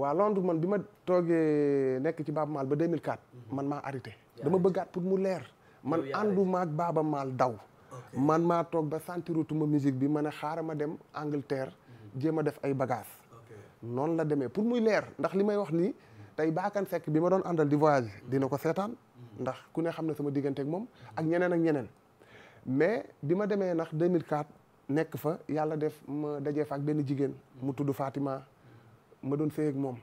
waa Londres man bi ma toogee nekk ci Baaba Maal ba 2004. Mhm. man maa arrêté. dama bëggaat pour mu leer. man ànduma ak Baaba Maal daw. man maa toog ba sentirutuma musique bi ma ne xaaral ma dem Angleterre. Mhm. jéem a def ay bagages. noonu la demee pour muy leer ndax li may wax nii. Mhm. tey baakan sekk bi ma doon àndal di voyage dina ko seetaan. ndax ku ne xam ne sama diggante ak moom. ak ñeneen ak ñeneen. mais bi ma demee ndax 2004 nekk fa yàlla def ma dajee fa ak benn jigéen. mu tudd Fatima. ma doon sëy ak moom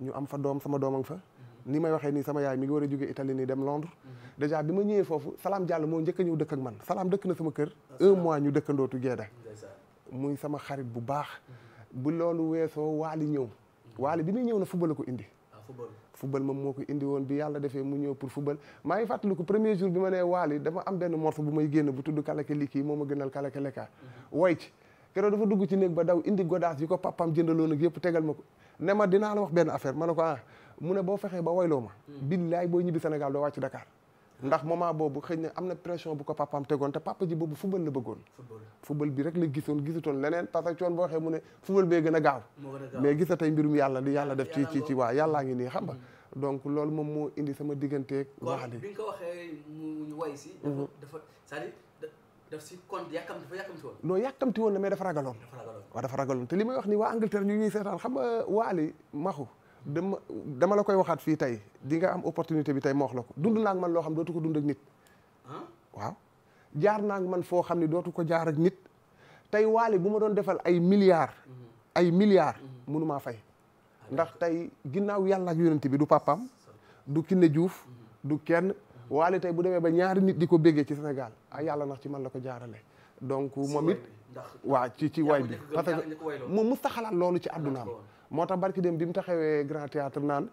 ñu am fa doom sama doom a ngi fa ni may waxee nii sama yaay mi ngi war a jóge Italie nii dem Londres déjà bi ma ñëwee foofu salaam Diallo moo njëkk a ñëw dëkk ak man salaam dëkk na sama kër un mois ñu dëkk dëkkandootu Géeda muy sama xarit bu baax mhm. bu loolu weesoo Waali ñëw mhm. Waali bi muy ñëw na football la ko indi ah, football moom moo ko indi woon bi yàlla defee mu ñëw pour football maa ngi fàttaliku premier jour bi ma nee Waali dama am benn morceau bu may génn bu tudd kalake liki moo ma gënal kalake mhm. keroog dafa dugg ci néeg ba daw indi godaas yi ko papam jëndaloon ak yëpp tegal ma ko ne ma dinaa la wax benn affaire ma ne ko ah mu ne boo fexee ba woyloo ma hmm. billaay boo ñibbi Sénégal doo wàcc Dakar ndax moment boobu xëy na am na pression bu ko papaam tegoon te papa ji boobu football la bëggoon football bi rek la gisoon gisutoon leneen parce que coon boo waxee mu ne football bee gën a gaaw mais gisa tey mbirum yàlla li yàlla def ci ci ci waa yàllaa xam nga hmm. donc loolu moom moo indi sama digganteeg waali bi hmm. dafa cest daf si kon yàkkamti dafa woon. non yàkkamti woon na mais dafa ragaloon. dafa dafa ragaloon te li may wax ni waa Angleterre ñu ngi seetaan xam nga waali maxu dama dama la koy waxaat fii tey di nga am opportunité bi tey ma wax la ko dund naa man loo xam dootu ko dund ak nit. waaw naa man foo xam ne dootu ko jaar nit tey waali bu ma doon defal ay milliards. Mhm. ay milliards mënumaa mhm. fay. Ah, ndax tey ginnaaw yàlla ak bi du papaam du Kiné Diouf mhm. du kenn. waale tey bu demee ba ñaari nit di ko béggee ci Sénégal a yàlla nax ci man la ko jaarale donc moom it waaw ci ci waay bi parce que moom mu saxalaat loolu ci àddunaam moo tax barki dem bi mu taxawee grand théâtre naan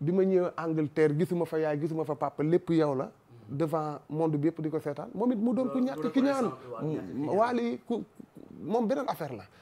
bi ma ñëw Angleterre gisuma fa yaay gisuma fa papa lépp yow la devant monde bi yëpp di ko seetaan moom it mu doon ku ñàkk ki ñaan waali ku moom beneen affaire la